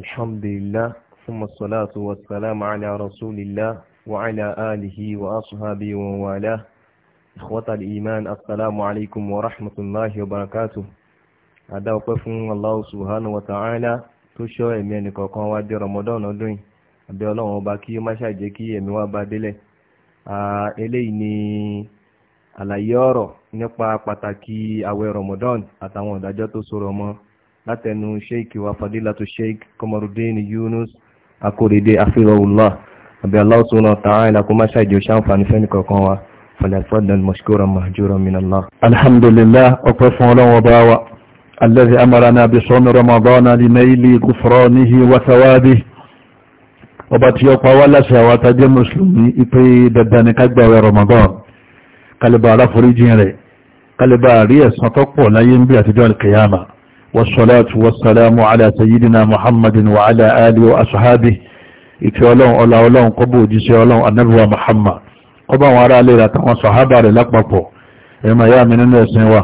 alhamdulillah fúnmọ̀ sọ́látù wasalama ala rasulillah wa ala alihi wa asuhabi wa wala ikhwata al-iman assalamu alaikum wa rahmatullahi wa barakatuh adá ọpẹ́ fún allah subhanahu wa ta'ala tó ṣọ́ ẹ̀mí ẹnìkọ̀ọ̀kan wá dé ramadan ọdún yìí àbẹ́ ọlọ́run ọba kí ó má ṣàjẹ́ kí ẹ̀mí wá bá délẹ̀ eléyìí ni àlàyé ọ̀rọ̀ nípa pàtàkì àwẹ̀ ramadan àtàwọn ìdájọ́ tó so rọ̀ mọ́ látẹnu sheik wa fadilatu sheik Komarudin Yunus akóredé afirọ́wùlá àbí Allah subhanahu wa ta'ala kó má ṣàjò ṣàǹfààní fẹ́ni kọ̀ọ̀kan wa fàlẹ́fọ́dà mashkuran mahjuran min Allah. alhamdulillah ọpẹ́ fún ọlọ́wọ́ bá wa alladhi amarana bi sọ́mi ramadana li naili kufranihi wa thawabihi ọba tí ọpa wá láṣẹ àwọn atajẹ́ mùsùlùmí ipe dandan ni kágbàwẹ̀ ramadan kálíbà aláforíjìn rẹ̀ kálíbà rí ẹ̀san tó pọ̀ láyé ń bí àtijọ́ alkiyama والصلاة والسلام على سيدنا محمد وعلى آله وأصحابه ìfẹ́ ọlọ́run ọlá ọlọ́run kọ́bù òjíṣẹ́ ọlọ́run anábíwá Muhammad kọ́bù àwọn ará alẹ́ àtàwọn sọ̀hábà rẹ̀ lápapọ̀ ẹ̀mà yá mi nínú ẹ̀sìn wa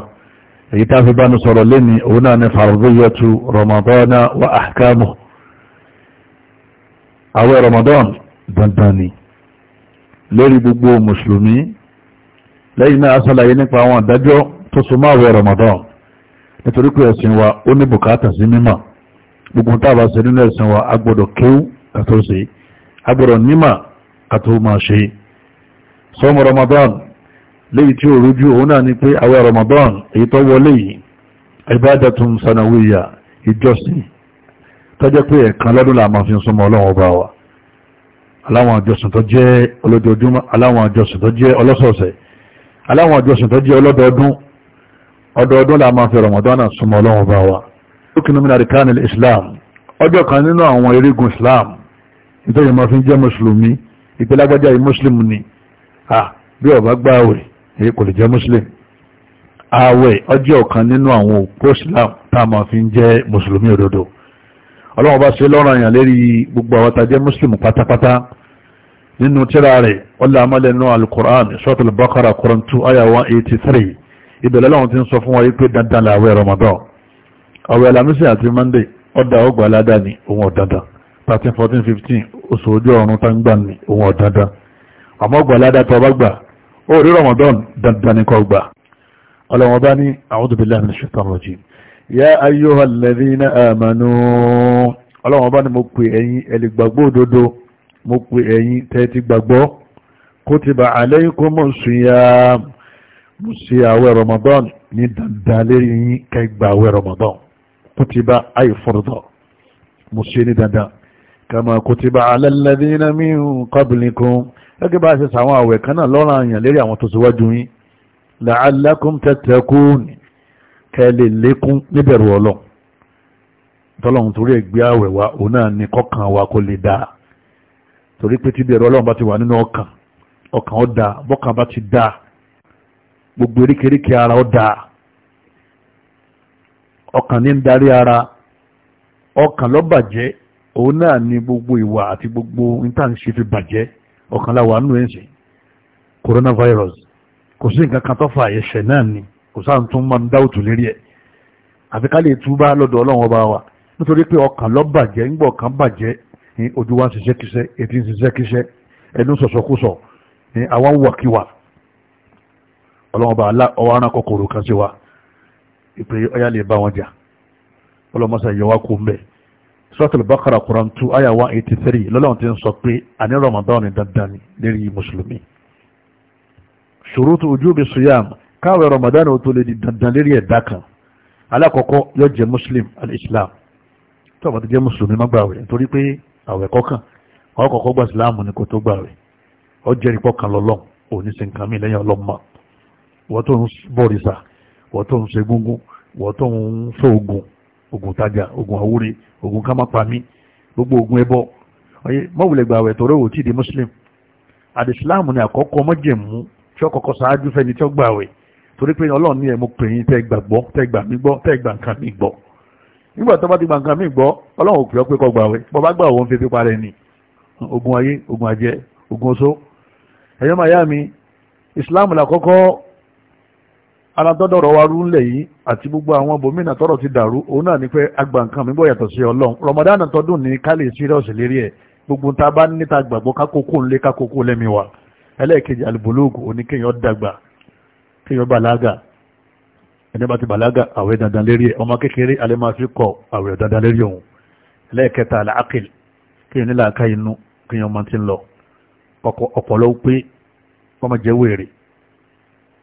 èyí tá fi bá ní sọ̀rọ̀ lẹ́ni òun náà ni faradiyatu Ramadana wa ahkamu àwẹ̀ Ramadan dandan ni lórí gbogbo mùsùlùmí lẹ́yìn náà sọ́láyé nípa àwọn àdájọ́ tó súnmọ́ àwẹ̀ Ramadan nítorí pé ẹ̀sìn wa ó ní bùkátà sí mímọ̀ gbogbo tá a nínú ẹ̀sìn wa agbọ́dọ̀ kéwú kàtó ṣe agbọ́dọ̀ nímọ̀ kàtó máa ṣe sọmọ Ramadan léyìí tí ó rújú òun náà ni pé àwẹ̀ Ramadan èyí tó wọlé yìí ibadatun sanawiyya ìjọsìn tó jẹ́ pé ẹ̀kan lọ́dún là máa fi súnmọ́ Ọlọ́run ọba wa aláwọn àjọsìn tó jẹ́ olójoojúmọ́ aláwọn àjọsìn aláwọn àjọsìn tó jẹ́ ọlọ́dọọdún ọdọọdún la máa fi Ramadan súnmọ́ Ọlọ́run bá wa lókínú mi àríkánì Islam ọjọ́ kan nínú àwọn erigun Islam nítorí ma fi ń jẹ́ mùsùlùmí ìgbélágbájá yìí mùsùlùmí ni ah bí ó bá gbààwẹ̀ èyí kò lè jẹ́ mùsùlùmí ààwẹ̀ ọjọ́ kan nínú àwọn òpó Islam tá a máa fi jẹ́ mùsùlùmí òdodo Ọlọ́run bá ṣe lọ́rọ̀ àyàn lérí gbogbo àwọn tá a jẹ́ mùsùlùmí pátápátá nínú tírà rẹ̀ ọlọ́àmọ́lẹ́nu alukur'an suratul Baqara Quran 2 ìbẹ̀lẹ̀ lọ́wọ́n ti ń sọ fún wa pé dandan la àwẹ̀ Ramadan àwẹ̀ alamisi àti monday ọ̀dà ọgbà aládà ni òun ọ̀dandan thirteen fourteen fifteen oṣù ojú ọ̀run táǹgbà ni òun ọ̀dandan àmọ́ ọgbà aládà tó bá gbà ó rí Ramadan dandan ni kò gbà ọlọ́wọ́n bá ní a'udhu billahi minash shaitanir rajim ya ayyuhal ladhina amanu ọlọ́wọ́n bá ní mo pè ẹ̀yin ẹ̀lẹ́gbàgbọ́ òdodo mo pè ẹ̀yin tẹ́tí gbàgbọ́ kutiba alaykumus siyam mo ṣe àwẹ̀ Ramadan ní dandan lérí yín kẹgbà àwẹ̀ Ramadan kutiba ayé fọ́rọ̀dọ̀ mo ṣe ní dandan kama kutiba ala alladhina min qablikum gẹ́gẹ́ bá ṣe sàwọn àwẹ̀ kan náà lọ́rọ̀ àyàn lérí àwọn tó síwájú yín la'allakum tattaqun kẹ́lẹ̀ lékún níbẹ̀rù ọlọ́ tọ́lọ́run torí ẹgbẹ́ àwẹ̀ wa òun náà ni kọ́kàn wa kò lè dáa torí pé tí bẹ̀rù ọlọ́run bá ti wà nínú ọkàn ọkàn ó bọ́kàn bá ti dáa gbogbo eríkèríkè ara ó dáa ọkàn ní ń darí ara ọkàn ló òun náà ni gbogbo ìwà àti gbogbo intanṣe fi bàjẹ́ ọkàn láwà nù ẹ̀sìn coronavirus kò sí nǹkan kan tó fa ẹ̀ṣẹ̀ náà ni kò sáà tún máa ń dáwùtù lérí ẹ̀ àfi ká lè túbá lọ́dọ̀ ọlọ́run ọba wa nítorí pé ọkàn ló bàjẹ́ ńgbọ̀ kan bàjẹ́ ojú wa ń ṣiṣẹ́ kíṣẹ́ etí ń ṣiṣẹ́ kíṣẹ́ ẹnu sọ̀sọ̀kúsọ̀ àwọn wàkíwà ọlọ́mọba ọwọ́ aran kòkòrò kan sí wa ìpè ọyá lè bá wọn jà ọlọ́mọsà yọ wá kó ń bẹ̀ suratul Baqara Quran two aya one eighty three lọ́lọ́run ti ń sọ pé àní Ramadan ni dandan ni lérí mùsùlùmí ṣurutu ujubi siyam káwé Ramadan ó tó lè di dandan lérí ẹ̀dá kan alákọ̀ọ́kọ́ yọ jẹ́ muslim al-islam tó bá ti jẹ́ mùsùlùmí má gbààwẹ̀ nítorí pé àwẹ̀ kọ́kàn ọkọ̀ọ̀kọ́ gbà síláàmù ni kò tó gbààwẹ̀ ọ jẹ́rìí pọ̀ kan lọ́lọ́run òní sí nǹkan mí lẹ́yìn ọlọ́mọ wọ́n tó ń bọ̀rìṣà wọ́n tó ń ṣe gúngún wọ́n tó ń sọ ogun ogun tajà ogun àwúre ogun kámápamí gbogbo ogun ẹbọ ọyẹ mọ̀wùlẹ̀ gbà wẹ̀ tọ́rọ òtí di muslim àdì islam ni àkọ́kọ́ mọ́jẹ̀mú tí ó kọ́kọ́ ṣáájú fẹ́ni tí ó gbà wẹ̀ torí pé ọlọ́run ní ẹ̀ mo pè yín tẹ́ gbà gbọ́ tẹ́ gbà mí gbọ́ tẹ́ gbà nǹkan mi gbọ́ nígbà tó bá ti gbà nǹkan mi gbọ́ ọlọ́run ò pè ọ́ pé kó gbà wẹ̀ bọ́ bá gbà wọ́n fi fi parẹ́ ni ogun ayé ogun àjẹ ogun oṣó ẹ̀yọ́ màyá mi islam làkọ́kọ́ ara dọ́dọ̀rọ̀ wa rú ńlẹ̀ yìí àti gbogbo àwọn bòmínà tọrọ ti dàrú òun náà ni pé àgbà nǹkan mi bọ̀ sí ọlọ́run Ramadan tọdún ní ká lè sírọ́ọ̀sì lérí ẹ̀ gbogbo ta bá níta gbàgbọ́ kákòókò ńlé kákòókò lẹ́mi wa ẹlẹ́ẹ̀kejì alùbọ̀lóògùn òní kéèyàn dàgbà kéèyàn bàlágà ẹni bá ti bàlágà àwẹ̀ dandan lérí ẹ̀ ọmọ kékeré alẹ́ máa fi kọ àwẹ̀ dandan lérí òun ẹlẹ́ẹ̀kẹta aláàkìl kéèyàn nílà ká inú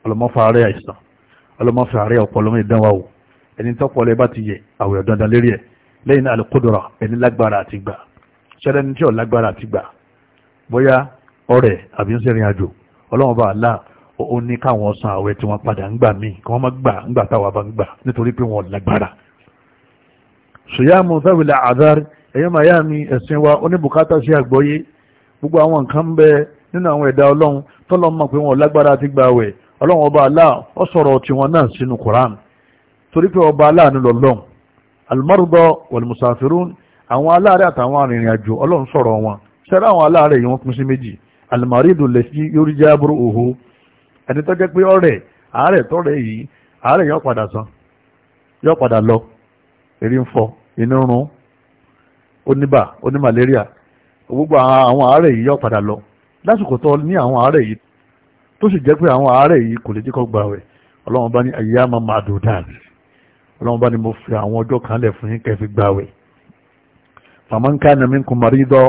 àìsàn ọlọ́mọ́fẹ́ àárẹ̀ ọ̀pọ̀lọmọ ìdánwà o ẹni tọ́pọ̀lẹ́ bá ti yẹ àwẹ̀ dandan lérí ẹ̀ lẹ́yìn náà alùkódọ̀rà ẹni lágbára àti gbà ṣẹlẹ̀ ní tí ò lágbára àti gbà bóyá ọrẹ̀ àbí ń sẹ́rin àjò ọlọ́mọba àlá ó ní káwọn san àwẹ̀ tí wọ́n padà ń gbà mí kí wọ́n má gbà ń táwa bá ń gbà nítorí pé wọ́n lágbára. ṣùyàmù sábìlà wa oníbùkátà sí àgbọ́yé gbogbo àwọn nǹkan bẹ nínú àwọn ẹ̀dá ọlọ́run tọ́lọ́ mọ̀ pé ọlọ́run ọba aláà ọ sọ̀rọ̀ tiwọn náà sínú koran torí pé ọba aláà ní lọ́lọ́n almarudọ wàlmùsàfirún àwọn aláàrẹ àtàwọn arìnrìn àjò ọlọ́run sọ̀rọ̀ wọn ṣẹ́rẹ́ àwọn aláàrẹ yìí wọ́n pín sí méjì almaridu lẹ́sí yóò rí jábúrú òhó ẹni tó jẹ́ pé ọ̀rẹ́ àárẹ̀ tọ́rẹ̀ yìí àárẹ̀ yóò padà san yóò padà lọ erí ń fọ inú rún oníbà onímàlẹ́ríà gbogbo àwọn àárẹ̀ yìí yóò padà lọ lásìkò tó ní àwọn àárẹ̀ yìí tó sì jẹ́ pé àwọn àárẹ̀ yìí kò lè jẹ́ kó gbààwẹ̀ ọlọ́run bá ní ayyama ma'dudat ọlọ́run bá ní mo fi àwọn ọjọ́ kan lẹ̀ fún yín kẹ́ fi gbààwẹ̀ faman kana minkum marida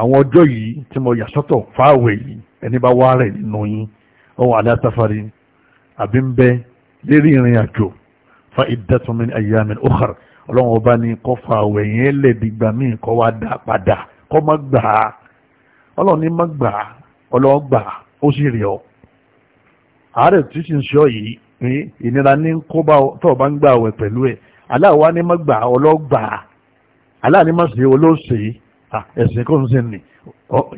àwọn ọjọ́ yìí tí mo yà sọ́tọ̀ fáwẹ̀ yìí ẹni bá wá rẹ̀ nínú yín ọwọ́ ala safarin àbí ń bẹ lérí ìrìn àjò fa iddatun min ayyamin ukhar ọlọ́run ọba ní kó fa yẹn lẹ̀ dìgbà má gbà á ọlọ́run gbà á ó sì rí ọ àárẹ̀ tí ti ń ṣọ́ yìí ní ìnira ní kóbá tó bá ń gbà wẹ̀ pẹ̀lú ẹ̀ aláwa ní má gbà ọlọ́gbà aláà ní má ṣe olóòṣè ẹ̀sìn kó ń ṣe nì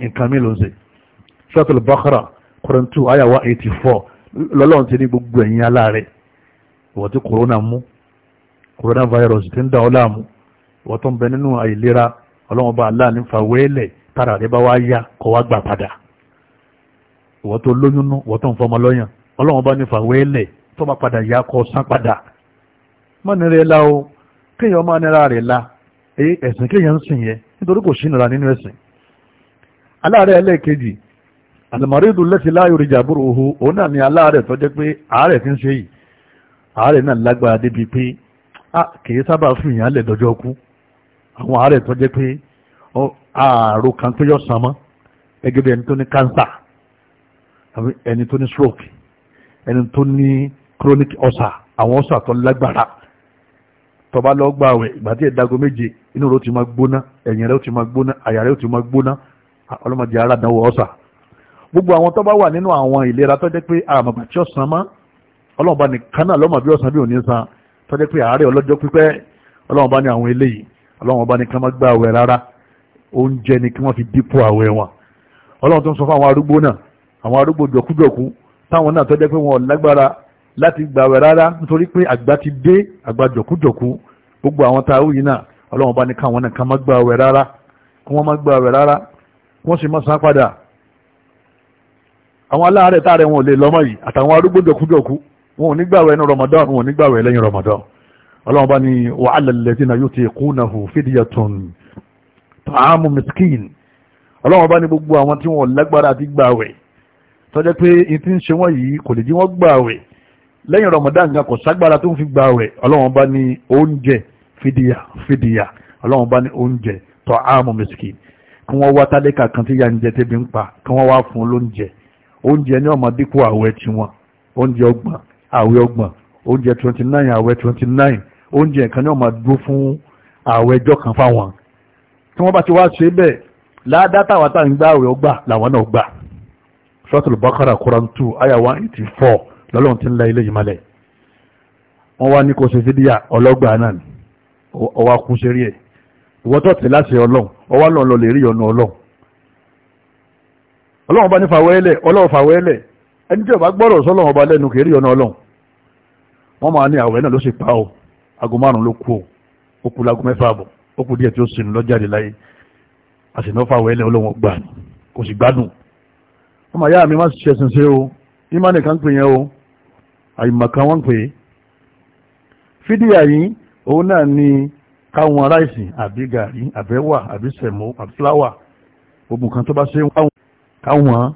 nǹkan mi ló ń ṣe Suratul Baqara Quran two eighty four lọ́lọ́run ti ní gbogbo ẹ̀yìn aláàrẹ̀ ìwọ̀n tí corona mú coronavirus ti ń da ọ́ láàmú ìwọ̀n tó ń bẹ nínú àìlera ọlọ́run bá aláà ní fa wẹ́lẹ̀ tára rẹ bá wá yá kó wá gbà padà ìwọ̀n tó lóyún nú ìwọ̀n tó ń fọmọ lọ́yàn ọlọ́run bá ní fàwẹ́lẹ̀ tó bá padà yá kọ sán padà mọ́nirẹ́ la o kéèyàn máa nira rẹ̀ la ẹ̀sìn kéèyàn ń sìn yẹn nítorí kò sí nira nínú ẹ̀sìn aláàrẹ ẹlẹ́ẹ̀kejì àlùmọ́rẹ́dù lẹ́sìn láàyò rẹ̀ jàbúrò òun náà ni aláàrẹ tó jẹ́ pé àárẹ̀ ti ń a kìí sábà fún ìyàn lẹ̀ dọ́jọ́ kú àwọn àárẹ̀ tó jẹ́ pé kan sàn mọ́ ẹni tó ní kánsà stroke ẹni tó ní chronic ulcer àwọn ulcer tó lágbára tó bá lọ gbà wẹ̀ ìgbà tí ìdágo méje inú rẹ̀ ó ti máa gbóná ẹ̀yìn rẹ̀ ó ti máa gbóná àyà rẹ̀ ó ti máa gbóná ah, ọlọ́mọdé aládánwò ulcer gbogbo àwọn tó bá wà nínú àwọn ìlera tó jẹ́ pé àmàgbà tí ọ̀sán mọ́ ọlọ́run bá nìkan náà lọ́mọ bí ọ̀sán bí òní san tó jẹ́ pé àárẹ̀ ọlọ́jọ́ pípẹ́ ọlọ́run bá ní àwọn eléyìí ọlọ́run bá nìkan kí wọ́n táwọn náà tó jẹ́ pé wọn lágbára láti gbàwẹ̀ rárá nítorí pé àgbà ti dé àgbà jọ̀kújọ̀kú gbogbo àwọn táwọn yìí náà ọlọ́run bá ní káwọn náà ká má gbàwẹ̀ rárá kí wọ́n má gbàwẹ̀ rárá kí wọ́n sì má san padà àwọn aláàárẹ̀ táàrẹ̀ wọn ò lè lọ́mọ yìí àtàwọn arúgbó jọ̀kújọ̀kú wọn ò ní gbàwẹ̀ ní Ramadan wọn ò ní gbàwẹ̀ lẹ́yìn Ramadan ọlọ́run bá ní wa 'ala alladhina yutiqunahu fidyatun ta'amu miskin ọlọ́run bá ní gbogbo àwọn tí wọn lágbára ti gbàwẹ̀ tọ́jẹ́ pé in ti ń ṣe wọ́n yìí kò lè jí wọ́n gbààwẹ̀ lẹ́yìn Ramadan gan kò ságbára tó ń fi gbààwẹ̀ ọlọ́run bá ní oúnjẹ fìdíyà fìdíyà ọlọ́run bá ní oúnjẹ tọ́ àmọ́ mẹ́sìkì kí wọ́n wá tálẹ́kà kan tí ya tẹ́bi ń pa kí wọ́n wá fún lóúnjẹ oúnjẹ ní ọmọ dínkù àwẹ̀ tiwọn oúnjẹ ọgbọ̀n àwẹ̀ ọgbọ̀n oúnjẹ twenty nine àwẹ̀ twenty nine oúnjẹ kan ní ọmọ dúró fún àwẹ̀ ẹjọ́ kan fáwọn tí wọ́n bá ti wá ṣe bẹ́ẹ̀ suratul bakara quran two aya one eighty four lọ́lọ́run ti ń la ilé yìí malẹ̀ wọ́n wá ní kò ṣe fídíà ọlọ́gbà náà ni ọwá kú ṣe rí ẹ̀ ìwọ́tọ̀ tí láṣẹ ọlọ́run ọwá lọ́n lọ lè rí ọ̀nà ọlọ́run ọlọ́run bá ní fàwẹ́lẹ̀ ọlọ́run fàwẹ́lẹ̀ ẹni tí ó bá gbọ́rọ̀ sọ́lọ́run ọba lẹ́nu kì í rí ọ̀nà ọlọ́run wọ́n máa ní àwẹ̀ náà ló ọmọ ìyá mi má ṣe ṣẹ̀sìn ṣe o ìmánì kan pè yẹn o àìmọ̀kan wọ́n pè é fídíà yìí òun náà ni káwọn aráìsì àbí gàrí àbẹ́wà àbí sẹ̀mó àbí fúláwà gbogbo nǹkan tó bá ṣe wọ́n káwọn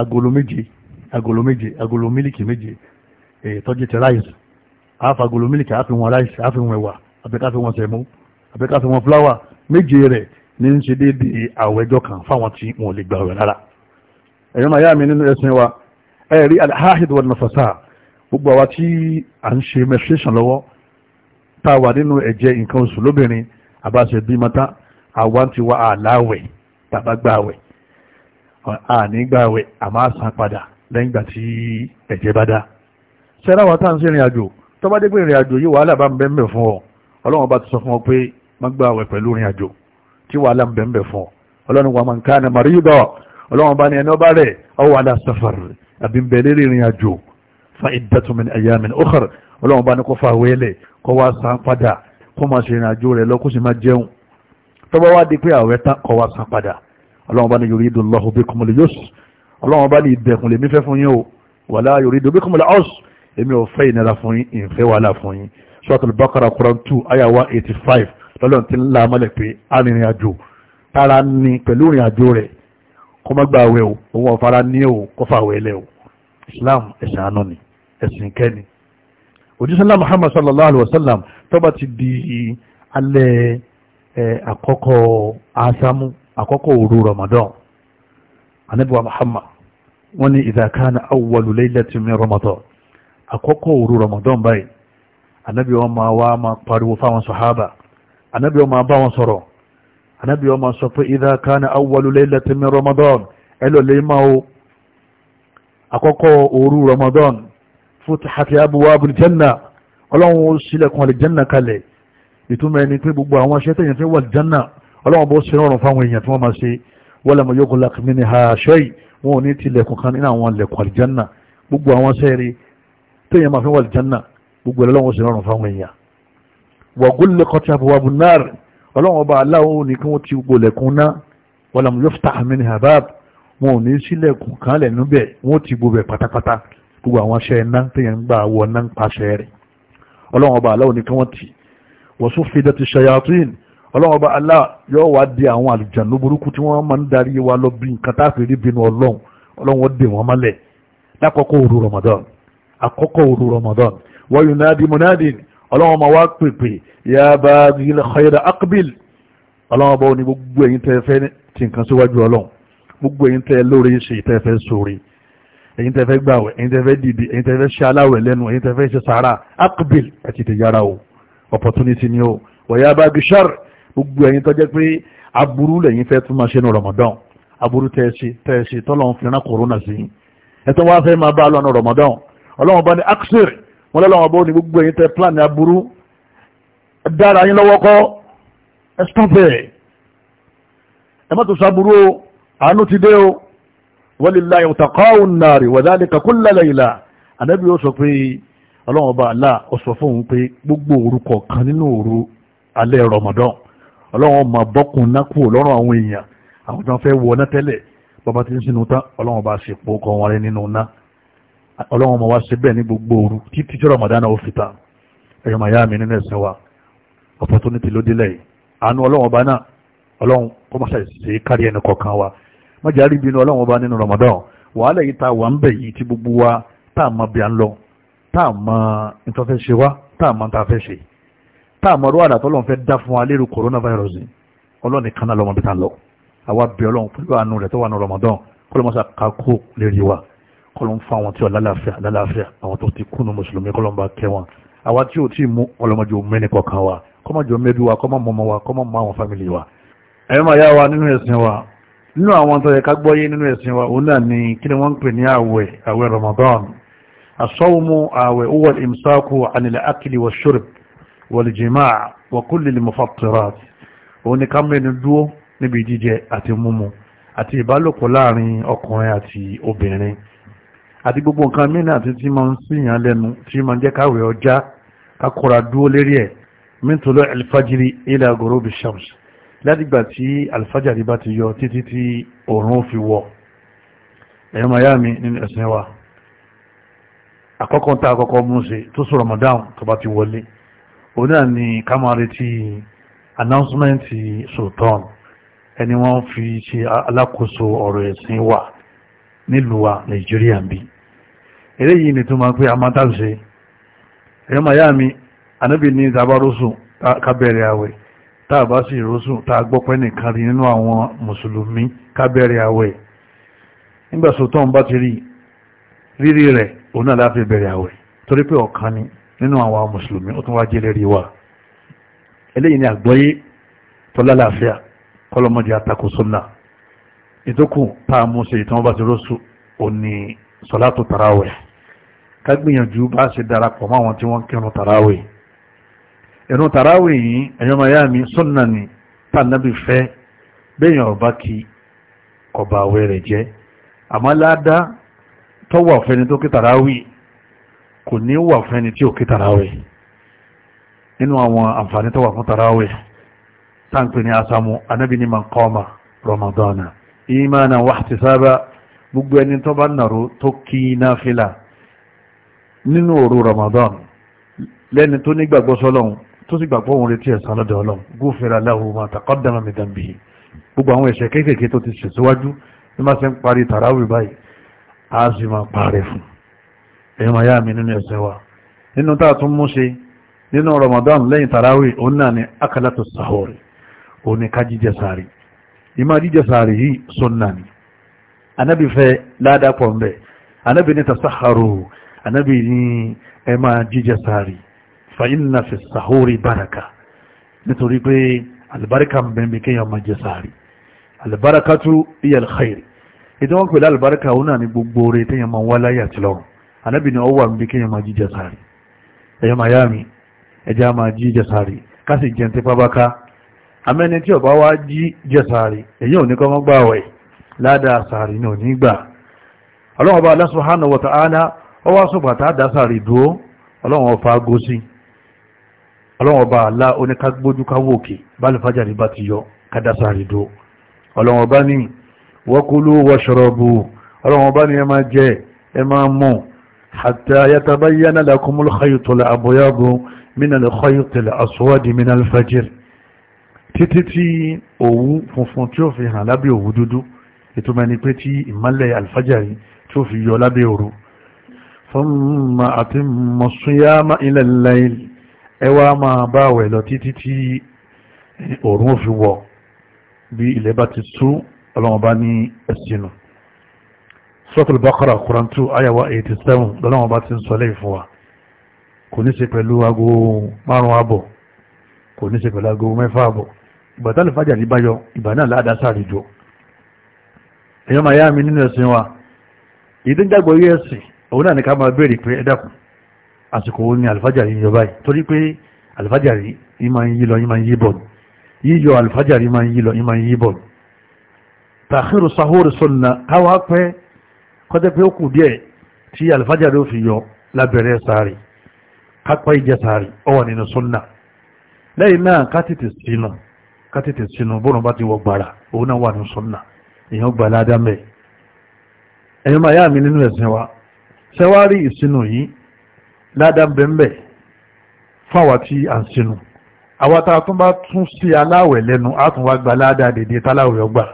agolo méje agolo méje agolo mílìkì méje èyí tọ́jú tẹ ráìsì àáfà agolo mílìkì àáfi wọn ráìsì àáfi wọn ẹ̀wà àbẹ́ká fi wọn sẹ̀mó àbẹ́ká fi wọn fúláwà méje rẹ̀ ní ń ṣe déédéé àwẹ̀jọ kan fáwọn tí wọn ò lè gbà wẹ̀ ẹ̀yọ́n máa yá mi nínú ẹ̀sìn wa ẹ̀rí alhahid wa nafasa gbogbo àwa tí à ń ṣe menstruation lọ́wọ́ tá a wà nínú ẹ̀jẹ̀ nǹkan oṣù lóbìnrin àbáṣe bímọ àwa ti wá àláwẹ̀ tàbá gbàwẹ̀ àní gbàwẹ̀ àmọ́ àsán padà lẹ́yìn ìgbà tí ẹ̀jẹ̀ bá dá ṣẹ́ra wa tá à ń ṣe ìrìn àjò tó bá dé pé ìrìn àjò yìí wàhálà bá ń bẹ́ẹ̀ fún ọ ọlọ́run bá ti sọ fún ọ pé má gbàwẹ̀ pẹ̀lú ìrìn ọlọ́run marido ọlọ́wọ́n bá ní ẹni ọba rẹ̀ ọwọ́ ala safar àbí bẹ̀rẹ̀ rìnrìn àjò fa iddatu min ayamin ukhar ọlọ́wọ́n bá ní kó fa wẹ́lẹ̀ kó wá san padà kó máa ṣe ìrìn àjò rẹ̀ lọ kó sì máa jẹun tọ́ba wá di pé àwẹ̀ tán kó wá san padà ọlọ́wọ́n bá ní yuridu Allahu bikumul yusr ọlọ́wọ́n bá ní eighty five lọ́lọ́run ti ń la amọ́lẹ̀ pé arìnrìn tara ni pẹ̀lú ìrìn àjò rẹ̀ kó má gba àwẹ̀ o òun ọ̀fara ní o kó fà àwẹ̀ lẹ̀ o islam ẹ̀sìn àánú ni ẹ̀sìn kẹ́ni òjísọ́lá muhammad sallallahu alayhi wa sallam tó bá ti di alẹ́ àkọ́kọ́ asámú àkọ́kọ́ òru ramadan anabiwa muhammad wọ́n ní idha kana awwalu laylatin min ramadan àkọ́kọ́ òru ramadan báyìí anabiwa máa wá máa pariwo fáwọn sọ̀hábà anabiwa máa bá wọn sọ̀rọ̀ anábì ọmọ sọ pé idha kana awwalu laylatin min Ramadan ẹlọ́lẹ́ máa o àkọ́kọ́ òru Ramadan futihati abwabul janna ọlọ́run ó sílẹ̀kùn àlìjẹ́nà kalẹ̀ ìtumọ̀ ẹni pé gbogbo àwọn aṣẹ́ tẹ̀yìn fi wà àlìjẹ́nà ọlọ́run bó ṣe rọrùn fáwọn èèyàn tí wọ́n máa ṣe wala yughlaq minha shay' wọn ò ní tilẹ̀kùn kan nínú àwọn ilẹ̀kùn àlìjẹ́nà gbogbo àwọn aṣẹ́ rí tẹ̀yìn ọlọ́run ọba aláwo ni kí wọ́n ti gbolẹ̀kùn náà wọ́n làmú yóò fta àmì ní habab wọn ò ní sílẹ̀kùn kan lẹ̀ níbẹ̀ wọ́n ti gbobẹ̀ pátápátá gbogbo àwọn aṣẹ iná téèyàn ń gbà wọ náà ń paṣẹ rẹ̀ ọlọ́run ọba aláwo ni kí wọ́n ti wọ́n sún fi dẹ́tí ṣayatin ọlọ́run ọba aláwo yóò wá di àwọn àlùjànnú burúkú tí wọ́n máa ń darí wa lọ bí nǹkan táàfin rí bínú ọlọ́wọ́n ma wá pèpè ya bá gílẹ̀ khayra akbil ọlọ́wọ́n bá ní gbogbo ẹ̀yin tẹ́ fẹ́ ti nǹkan síwájú ọlọ́run gbogbo ẹ̀yin tẹ́ lóore ṣe tẹ́ fẹ́ sóore ẹ̀yin tẹ́ fẹ́ gbàwẹ̀ ẹ̀yin tẹ́ fẹ́ dìde ẹ̀yin tẹ́ fẹ́ ṣe aláwẹ̀ lẹ́nu ẹ̀yin tẹ́ fẹ́ ṣe sàárà akbil ẹ̀ ti tẹ̀yára o opportunity ni o wọ̀ya bá gishar gbogbo ẹ̀yin tọ́jẹ́ pé aburú lẹ́yìn fẹ́ tún máa ṣe ní Ramadan aburú tẹ́ẹ̀ṣe tẹ́ẹ̀ṣe tọ́lọ́run fi rán wọ́n lọ́lọ́wọ́ bó ní gbogbo ẹ̀yin tẹ́ plan ní aburú dára yín lọ́wọ́ kọ́ ẹ stop ẹ̀ ẹ má tó sáburú o àánú ti dé o walillahi taqawun nari wa dhalika kulla layla ànábì ó sọ pé ọlọ́wọ́n bá Allah ó sọ fóun pé gbogbo òru kọ̀ọ̀kan nínú òru alẹ́ Ramadan ọlọ́wọ́n máa ọlọ́run ọmọ wa ṣe bẹ́ẹ̀ ní gbogbo òru títí tí Ramadan ó fi ta ẹ̀yọ́ màyá mi nínú ẹ̀sìn wa opportunity ló délẹ̀ yìí àánú ọlọ́run ọba náà ọlọ́run kó má ṣàìsí kárí ẹni kọ̀ọ̀kan wa má jàrí bínú ọlọ́run ọba nínú Ramadan wàhálà yìí ta wà ń bẹ̀ yìí tí gbogbo wa tá a mọ bí a ń lọ tá a mọ nǹkan fẹ́ ṣe wá tá a mọ nǹkan fẹ́ ṣe tá a mọ ọdún àdàtọ́ ọlọ́run fẹ́ dá fún wa lérò coronavirus ọlọ́run nìkan kọlọ́n fún àwọn tí wọ́n lálàáfíà lálàáfíà àwọn tó ti kúnnú mùsùlùmí kọlọ́n bá kẹ́ wọn àwa tí ò tí ì mú ọlọ́mọdé mẹ́ni kọ̀ọ̀kan wa kọ́mọjọ mẹ́bí wa kọ́mọ mọ́mọ́ wa kọ́mọ mọ́ àwọn fámìlì wa. ẹ̀rọ màá yá wa nínú ẹ̀sìn wa nínú àwọn tó yẹ ká gbọ́yé nínú ẹ̀sìn wa òun náà ni kí ni wọ́n ń pè ní àwẹ̀ àwẹ̀ Ramadan asọ́wọ́mù àwẹ̀ owó imsaku anilẹ̀ akili wa shurb wàlìjìmá wa kulli al àti gbogbo nǹkan mìíràn àti tí ma ń síyàn lẹ́nu tí ma ń jẹ́ káwẹ̀ ọjá kakọ̀rọ̀ dúó lérí ẹ̀ mintolo alfajiri ila gorobi shams látìgbà tí alfajari bá ti yọ títí tí oòrùn fi wọ̀ ẹ̀yọ́ miami nínú ẹ̀sìn wa àkọ́kọ́ tá àkọ́kọ́ mú ṣe tó sọ ramadan tó bá ti wọlé òun ni ká máa retí announcement sultan ẹni wọ́n fi ṣe alákòóso ọ̀rọ̀ ẹ̀sìn wa nílùú wa Nàìjíríà ń bí eléyìí ni tó máa pé amátàṣe ẹ̀yọ́ màyá mi anábì ní ìdábá rọ́sùn kábẹ̀rẹ̀ àwẹ̀ tá a bá sì rọ́sùn tá a gbọ́pẹ́ nìkan rí nínú àwọn mùsùlùmí kábẹ̀rẹ̀ àwẹ̀ nígbà sọ́tọ́n bá ti rí rírí rẹ̀ òun náà láfi bẹ̀rẹ̀ àwẹ̀ torí pé ọ̀kan ni nínú àwọn mùsùlùmí ó tún wá ìtókù tá a mú ṣe ìtàn bá ti rọ́ṣù òní sọ́látò tàràwẹ̀ ká gbìyànjú bá ṣe darapọ̀ mọ́ àwọn tí wọ́n kírun tàràwẹ̀ ẹ̀rùn tàràwẹ̀ yìí ẹ̀yọ́mọ̀ yá mi sọ́nà ni tànàbí fẹ́ bẹ́yàn ọba kí ọba àwẹ̀ rẹ̀ jẹ́ àmọ́ ládá tọ́wọ́ àfẹ́ni tó kí tàràwẹ̀ kò ní wà fẹ́ni tí ò kí tàràwẹ̀ nínú àwọn àǹfààní tọ́wọ́ fún tàràwẹ̀ táǹpẹ̀ ní asamu anábì ní man qama ramadana ìmánà wàhtísábà gbogbo ẹni tó bá nàró tó kí náfílà nínú òru Ramadan lẹ́ni tó nígbàgbọ́ sọ́lọ́hun tó sì gbàgbọ́ òun retí ẹ̀san lọ́dọ̀ Ọlọ́hun gúfèrè lahu ma taqaddama min dhanbihi gbogbo àwọn ẹ̀ṣẹ̀ kéékèèké tó ti ṣèṣíwájú ní máa ṣe ń parí tàràwì báyìí a sì máa parẹ́ fún ẹ̀yìn máa yá mi nínú ẹ̀ṣẹ̀ wa nínú tá a tún mú ṣe nínú Ramadan lẹ́yìn tàràwì òun náà ni akalatu sahori òun ni ká jíjẹ sáré ìmá jíjẹ sàárì yìí sunna ni anábì fẹ́ ládàpọ̀ ń bẹ̀ anábì ní tasaharo anábì ní ẹ máa jíjẹ sàárì fàyínà fi sàhórí baraka nítorí pé alibarika ń bẹ̀ mi kéèyàn máa jẹ sàárì alibarika tú iye alkhairi ìdí wọn pẹ̀lú alibarika òun náà ni gbogbo rẹ̀ téèyàn máa wá láyé àti lọ́run anábì ní ọwọ́ àmì kéèyàn máa jíjẹ sàárì ẹ̀yọ́ miami ẹ̀já máa jíjẹ sàárì kásì jẹ́ ń tẹ́pá bá amẹ́ni tí ọba wá jí jẹ sàárì èyí ò ní kọ́ mọ́ gbà wẹ̀ ládàá sàárì ní òní gbà ọlọ́run bá subhanahu wa ta'ala ọ wá sọ̀gbà tá a dá sàárì dúró ọlọ́run ọba agosi ọlọ́run ọba àlá oníkágbójú káwọ́ òkè bá ti yọ ká sàárì dúró ọlọ́run ọba ní títí tí òwú funfun tí ó fi hàn lábẹ́ òwú dúdú ètò mẹ́ni pé tí ìmọ́lẹ̀ alfajari tí ó fi yọ lábẹ́ òru fọ́nmà àti mọ̀súnyámá ilẹ̀ lẹ́yìn ẹwà máa bá wẹ̀ lọ títí tí òrùn fi wọ̀ bí ilẹ̀ bá ti tú ọlọ́mọba ní ẹ̀sìnù sọ́tùl bákọ́rà kùrántù àyàwó 87 lọ́lọ́mọba ti ń sọ lẹ́yìn fún wa kò ní ṣe pẹ̀lú aago márùn-ún àbọ̀ kò ní ṣe pẹ̀lú aago mẹ́fà àbọ̀ ìbàtà lè fàjà níbáyọ ìbà náà láàdá sáré jọ ẹ̀yọ́ máa yá mi nínú ẹ̀sìn wa èyí tó ń jágbọ́ yé ẹ̀sìn òun náà ní ká máa béèrè pé ẹ dákun àsìkò wo ni àlùfájàrí yíyọ báyìí torí pé àlùfájàrí yìí máa ń yí lọ yìí máa ń yí bọ̀ yíyọ àlùfájàrí máa ń yí lọ yìí máa ń yí bọ̀ tàkírù sahóòrì sọ̀nà káwá pẹ́ kọ́tẹ́ pé ó kù díẹ̀ tí àlùfájàrí ó fi yọ lábẹ́rẹ́ sáré kápá ìjẹ sáré ọwọ́ nínú sọ̀nà lẹ́yìn náà ká tètè sínú ká tètè sínú bóun bá ti wọ gbàrà òun náà wà ní sọ́nà èèyàn gbà ládàá mẹ́ ẹ̀yin máa yá mi nínú ẹ̀sìn wa ṣẹ́wárí ìsinú yìí ládàá bẹ́ẹ̀ fáwa tí à ń sinú àwa tá bá tún sí aláwẹ̀ lẹ́nu a wá gba ládàá dèdè táláwẹ̀ ọgbà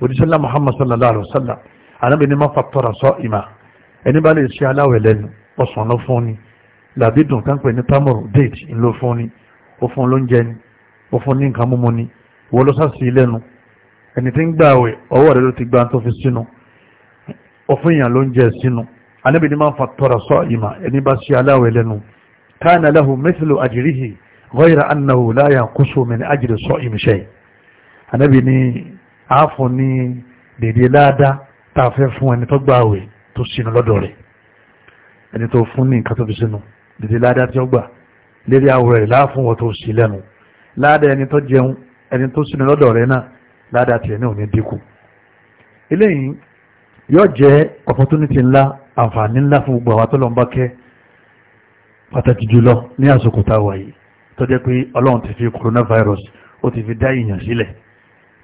òdìṣẹ́lá muhammad sallallahu alaihi wa sallam anábì ní máa fàtọ́ra sọ ìmà ẹni bá lè ṣe aláwẹ̀ lẹ́nu ọ̀sán ló fún ni làbídùn kan pè ní tamuru déètì ló fún ni ó fún lóúnjẹ ni ó fún ní nǹkan múmu ni wọ́n ló sásì lẹ́nu ẹni tí ń gbààwẹ̀ ọwọ́ rẹ̀ ló ti gba tó fi sínú ó fún èèyàn ló ń jẹ sínú anábì ní máa ń fa tọrọ sọ ìmà ẹni bá ṣe aláwẹ̀ lẹ́nu káàna lahu mithlu ajrihi ghayra annahu la yanqusu min ajri sa'im shay anábì ní àáfọ̀ ní dèdè láàdá tá a fẹ́ fún ẹni tó gbààwẹ̀ tó sínú lọ́dọ̀ rẹ̀ ẹni tó fún ní nǹkan tó fi sínú dèdè láàdá tí ó gbà lérí àwọ̀ láàfún wọn tó sí lẹ́nu láàdá ẹni tó jẹun ẹni tó sínú lọ́dọ̀ rẹ náà láàdá tiẹ̀ náà ò dínkù eléyìí yóò jẹ́ opportunity ńlá àǹfààní ńlá fún gbogbo àwọn tọ́lọ́ ń bá kẹ́ pàtàkì jùlọ ní àsìkò tá a wà yìí tó jẹ́ pé ọlọ́run ti fi coronavirus ó ti fi dá èèyàn sílẹ̀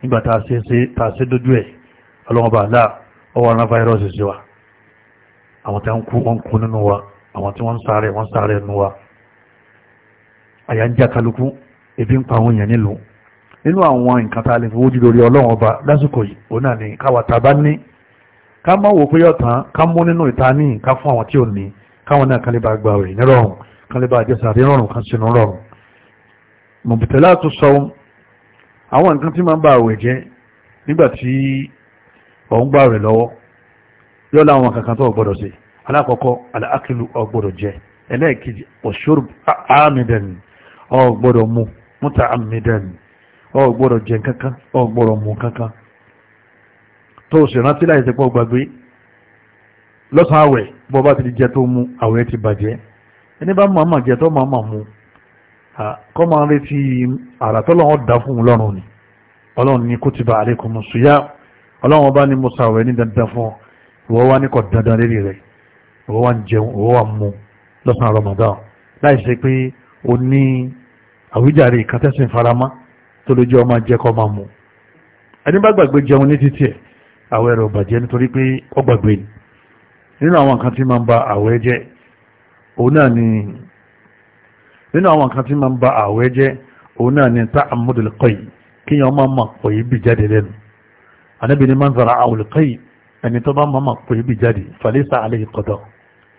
nígbà tá a ṣe dojú ẹ̀ ọlọ́run bá láà ọwọ́ coronavirus sí wa àwọn tí wọ́n kú wọ́n kú nínú wa àwọn tí wọ́n ń sáré wọ́n sáré nínú wa àyà ń já kálukú ebi ń pa àwọn èèyàn nílùú nínú àwọn nǹkan tá a lè fowójú lórí ọlọ́run ọba lásìkò yìí òun náà ni káwa tá a bá ní ká má wò pé ọ̀tán ká mú nínú ìta ní ká fún àwọn tí ò ní káwọn náà kan lè bá gba òrì nírọ̀rùn kan lè bá àjẹsà rí rọrùn kan sínú rọrùn. mọ̀bìtẹ́lá tó sọ àwọn nǹkan tí máa ń bá àwẹ̀ jẹ́ nígbà tí òun gbà rẹ̀ lọ́wọ́ yóò láwọn kankan tó gbọ́dọ̀ ṣe alákọ̀ọ́kọ́ alákìlú ọgbọ́dọ̀ jẹ ẹlẹ́ẹ̀kejì ọ̀ṣọ́rù àmì dẹ̀ni ọgbọ́dọ̀ mú muta'ammidan ọ gbọ́dọ̀ jẹ kankan ọ gbọ́dọ̀ mú kankan tó sì rántí láì tẹ́pọ̀ gbàgbé lọ́sàn àwẹ̀ bọ́ bá ti di jẹ tó mú àwẹ̀ ti bàjẹ́ ẹni bá máa máa jẹ tó máa máa mú kọ́ máa retí àrà tọ́lọ́wọ́ dá fún un lọ́rùn ni ọlọ́run ní kutiba alaykumus siyam ọlọ́run bá ní mo sàwẹ̀ ní dandan fún ọ wá ní kọ̀ dandan lérí rẹ̀ ìwọ wá ń jẹun ìwọ wá ń mú lọ́sàn Ramadan láì ṣe pé o ní àwíjàre kan tẹ́sìn faramá tó lójú ọmọ jẹ́kọ́ máa mú ẹni bá gbàgbé jẹun ní títí ẹ̀ àwẹ̀ rẹ̀ bàjẹ́ nítorí pé ó gbàgbé ni nínú àwọn nǹkan tí máa ń ba àwẹ̀ jẹ́ òun náà ni nínú àwọn nǹkan tí máa ń ba àwẹ̀ jẹ́ òun náà ni tá àmúdùlẹ̀ kọ́ yìí kí yẹn máa mọ̀ pọ̀ yìí bì jáde lẹ́nu anábì ni máa ń zara àwòlẹ̀ kọ́ yìí ẹni tó bá máa mọ̀ pọ̀ yìí bì jáde falisa alẹ́ yìí kọ̀dọ̀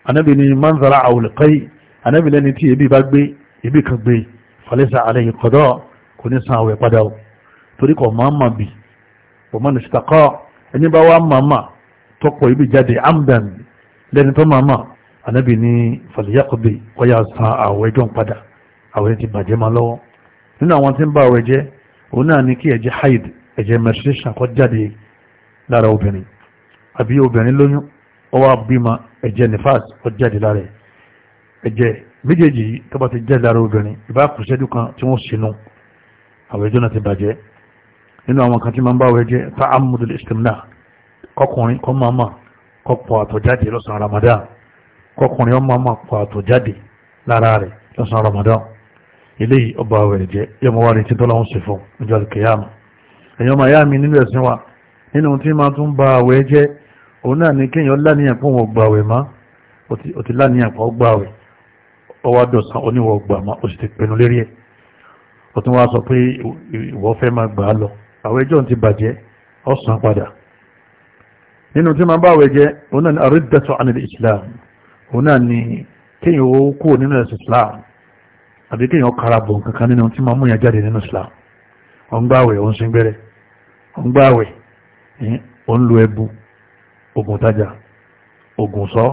anábì ni máa ń zara àwòlẹ̀ kọ́ yìí anábì lẹ́ni tí ebi bá gbé ebi kan gbé yìí falẹ́sà àrẹ ìkọ̀dọ́ kò ní san àwẹ̀ padà o torí kọ̀ máa ma bì kò máa nìṣẹ́ takọ́ ẹni bá wá màmá tọ́pọ̀ ibi jáde amdan lẹ́ni tó màmá ànábì ní fàlẹ́yàkọ̀bẹ̀ ọ̀yà san àwẹ̀ jọ̀ padà àwẹ̀ ti bàjẹ́ máa lọ́wọ́ nínú àwọn tí ń bá àwẹ̀ jẹ́ òun náà ní kí ẹ̀jẹ̀ haid ẹ̀jẹ̀ menstruation kó jáde lára obìnrin àbí obìnrin lóyún ó wá bímọ nifas kó jáde lára ẹ̀jẹ̀ méjèèjì yìí tó bá ti jẹ́ lára obìnrin ìbá kù sẹ́dù kan tí wọ́n sinú àwẹ̀jọ́ náà ti bàjẹ́ nínú àwọn kan tí máa ń bá wẹ́jẹ́ fa amúdùl istimna kọkùnrin kọ́ máa mà kọ́ pọ̀ àtọ̀jáde lọ́sàn Ramadan kọkùnrin ọmọ máa pọ̀ àtọ̀jáde lára rẹ̀ lọ́sàn Ramadan eléyìí ọba àwẹ̀ jẹ́ yóò mọ wá retí tó láwọn ṣe fún ọjọ́ àlùkìyàmù èèyàn máa yá mi nínú ẹ̀sìn wa nínú tí máa tún ba àwẹ̀ jẹ́ òun náà ní kéèyàn láníyàn pọ̀ wọn gbàwẹ̀ má ó ti láníyàn pọ̀ gbàwẹ̀ ọwọ́ dọ̀sán oníwọ̀ gbà má o sì ti pinnu lérí ẹ̀ o tún wá sọ pé ìwọ fẹ́ máa gbà á lọ àwọn ẹjọ́ ti bàjẹ́ ọ̀sán padà nínú tí máa bá jẹ́ òun náà ni àrídẹ́tọ̀ ànílẹ̀ Islam òun náà ni kéèyàn ó kúrò nínú ẹ̀sìn Islam àbí kéèyàn karabọ̀ kankan nínú tí máa mú jáde nínú Islam òun gbà àwẹ̀ òun sin gbẹ́rẹ́ òun gbà àwẹ̀ òun lo ẹbu ògùn tajà ògùn sọ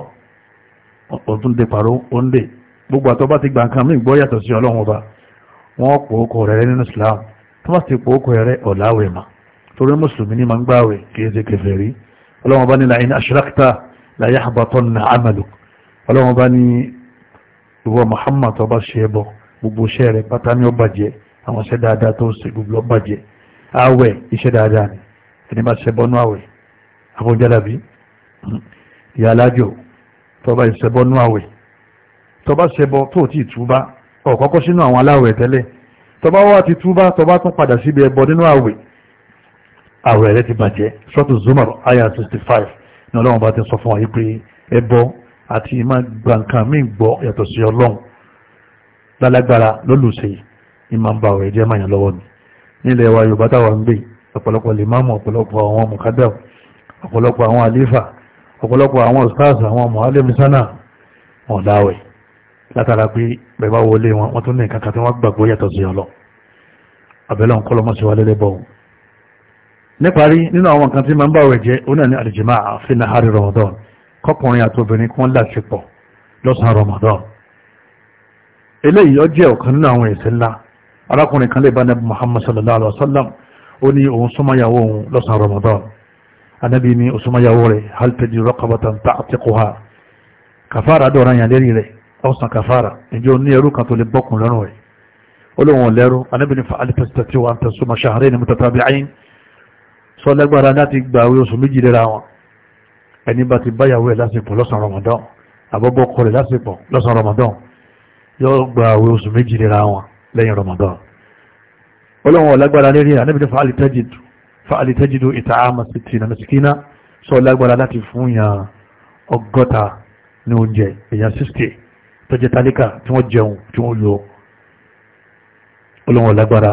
òun tún dé pàrọ̀ òun dé gbogbo àtọ́ bá ti gbà nǹkan mìí gbọ́ yàtọ̀ sí ọlọ́run ọba wọ́n pò ókò rẹ̀ nínú islam tó bá ti pò ókò rẹ̀ ọ̀làwẹ̀ mà torí mùsùlùmí ní máa ń gbàwẹ̀ kìí ṣe kèfèrí ọlọ́run ọba ní la'in ashrakta la yahbatanna 'amaluk ọlọ́run ọba ní ìwọ muhammad tó bá ṣe ẹbọ gbogbo iṣẹ́ rẹ̀ pátá ní ó bàjẹ́ àwọn iṣẹ́ dáadáa tó ń ṣe gbogbo ó bàjẹ́ àwẹ̀ iṣẹ́ dáadáa ni ẹni tọba ṣẹbọ tó ti túbá ọ̀kọ́kọ́ sínú àwọn aláwẹ̀ tẹ́lẹ̀ tọba wá ti túbá tọba tún padà síbi ẹbọ nínú àwẹ̀ àwẹ̀ rẹ ti bàjẹ́ sọ́tù Zumar aya 65 ní ọlọ́run bá ti sọ fún wa yí pé ẹbọ àti ìmá gba nǹkan míì gbọ́ yàtọ̀ sí ọlọ́run lálágbára lólùsè ìmá ń ba àwẹ̀ jẹ́ máyàn lọ́wọ́ ni nílẹ̀ wa Yorùbá táwa ń gbé ọ̀pọ̀lọpọ̀ lèmáàmù ọ̀pọ̀lọpọ̀ àwọn mùkádà ọ̀pọ̀lọpọ̀ àwọn àlífà ọ̀pọ̀lọpọ̀ àwọn ustaz àwọn mọ̀álẹ́mísánà ọ̀dáwẹ̀ látara pé bẹ̀bá wọlé wọn wọ́n tún ní nǹkan kan tí wọ́n gbàgbọ́ yàtọ̀ sí ọlọ abẹ́lẹ̀ ọ̀nkọ́ lọ́mọ sí wa lélẹ̀ bọ̀ níparí nínú àwọn nǹkan tí máa ń bá wẹ̀ jẹ́ oní àní àlìjìmá fi nahari Ramadan kọkùnrin àti obìnrin kan láṣepọ̀ lọ́sàn-án Ramadan eléyìí ó jẹ́ ọ̀kan nínú àwọn ẹ̀ṣẹ̀ ńlá arákùnrin kan lè bá nàbí Muhammad sallallahu alaihi wa sallam ó ní òun súnmọ́yàwó òun lọ́sàn-án Ramadan anábì ní òsúnmọ́yàwó rẹ̀ hal rọ́kọ̀bọ̀tàn tá ha kàfàrà dọ̀rọ̀ yàn lérí rẹ̀ ọ̀sán kàfàrà ìjọ ní ẹrú kan tó lè bọ́kùn lọ́rùn rẹ̀ olóhùn lẹ́rú anábìnrin fa alifasita tí wọ́n tẹ̀ súnmọ́ ṣàárẹ̀ ní mutatabi'ain sọ lágbára láti gba àwọn oṣù méjì lera wọn ẹni bá ti báyàwó ẹ̀ lásìkò lọ́sàn ramadan àbọ̀bọ̀ kọ rẹ̀ lásìkò lọ́sàn ramadan yóò gba àwọn oṣù méjì lera wọn lẹ́yìn ramadan olóhùn lágbára lérí anábìnrin fa alitajidu tó jẹ́ tálíkà tí wọ́n jẹun tí wọ́n lò olóhùn ọ̀lágbára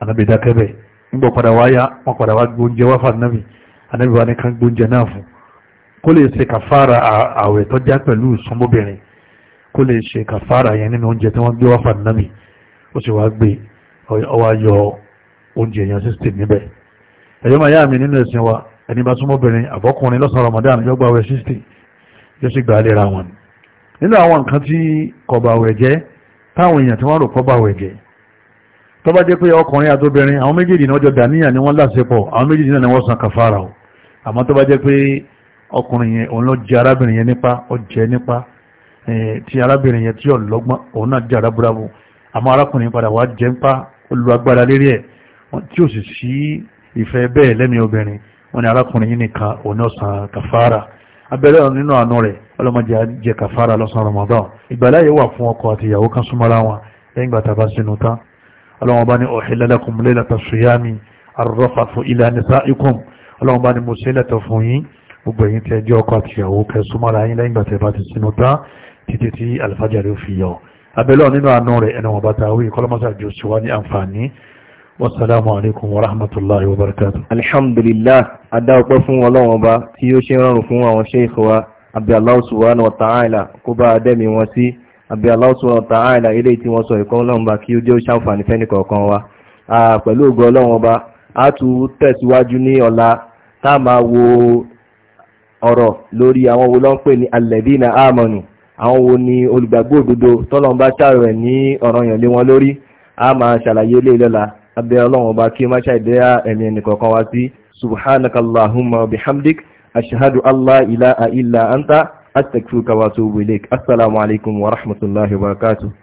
ànábì dákẹ́bẹ̀ nígbà padà wá yá wọ́n padà wá gbóúnjẹ wá fànábì ànábì wá ní ká gbóúnjẹ náà fún kó lè ṣe kàfàrà àwẹ̀ tó já pẹ̀lú sọmọbìnrin kó lè ṣe kàfàrà yẹn nínú oúnjẹ tí wọ́n gbé wá fànábì ó sì wá gbé ọwá yọ oúnjẹ yẹn sísè níbẹ̀ ẹ̀yọ́ máa yá mi nínú ẹ̀sìn wa ẹni bá súnmọ́bìnrin àbọ́kùnrin lọ́sàn-án Ramadan yọ́gbà wẹ̀ sísè yóò sì gbà á lè ra wọn ni nínú àwọn nǹkan tí kọ̀bàwẹ̀ jẹ́ táwọn èèyàn tí wọ́n rò kọ́bàwẹ̀ jẹ́ tó bá jẹ́ pé ọkùnrin àtobìnrin àwọn méjèèjì náà jọ dàníyàn ni wọ́n láṣepọ̀ àwọn méjèèjì náà ni wọ́n san kàfàrà o àmọ́ tó bá jẹ́ pé ọkùnrin yẹn òun ló jẹ arábìnrin yẹn nípa ó jẹ nípa ti arábìnrin yẹn tí ò lọ́gbọ́n òun náà jẹ arábúrábù àmọ́ arákùnrin abẹ́rẹ́ ọ̀run nínú àánú rẹ̀ ọlọ́mọdé jẹ kàfàrà lọ́sàn Ramadan ìgbàláyé wà fún ọkọ àti ìyàwó kan súnmọ́ra wọn lẹ́yìn ìgbà tàbá sínú tán ọlọ́wọ́n bá ní uhilla lakum laylata siyami ar-rafathu ila nisaikum ọlọ́wọ́n ní mo ṣe fún yín gbogbo ẹ̀yin tẹ́ jẹ́ ọkọ àti ìyàwó kẹ́ súnmọ́ra yín lẹ́yìn ìgbà tàbá ti sínú tán títí tí alifájàre ò fi yọ abẹ́lẹ́ nínú àánú rẹ̀ ẹni wọn wasalaamu alaykum wa rahmatulahi wa barakatu. alhamdulilah adáwọ̀pẹ́ fún ọlọ́wọ́n ọba tí ó ṣe rọrùn fún àwọn sheikh wa abi Allahu subhanahu wa ta'ala kó bá adẹ́mi wọn sí abi Allahu subhanahu wa ta'ala ilé tí wọ́n sọ ìkọ́ ọlọ́wọ́n ọba kí ó jẹ́ ṣàǹfààní fẹ́ni kọ̀ọ̀kan wa pẹ̀lú ògo ọlọ́wọ́n ọba a tún tẹ̀síwájú ní ọ̀la tá a máa wo ọ̀rọ̀ lórí àwọn wo ló pè ní alladhina amanu àwọn wo ni olùgbàgbọ́ òdodo tọ́lọ́mbá ṣàrọ̀ ẹ̀ ní ọ̀ranyàn lé wọn lórí a máa ṣàlàyé lé lọ́la abẹ́ ọlọ́run ọba kí má ṣe ìdẹ́yà ẹ̀mí ẹnìkọ̀ọ̀kan wá sí subhanakallahumma wa bihamdik ashhadu allah ilaha illa anta astaghfiruka wa atubu ilaik assalamu alaikum wa rahmatullahi wa barakatuh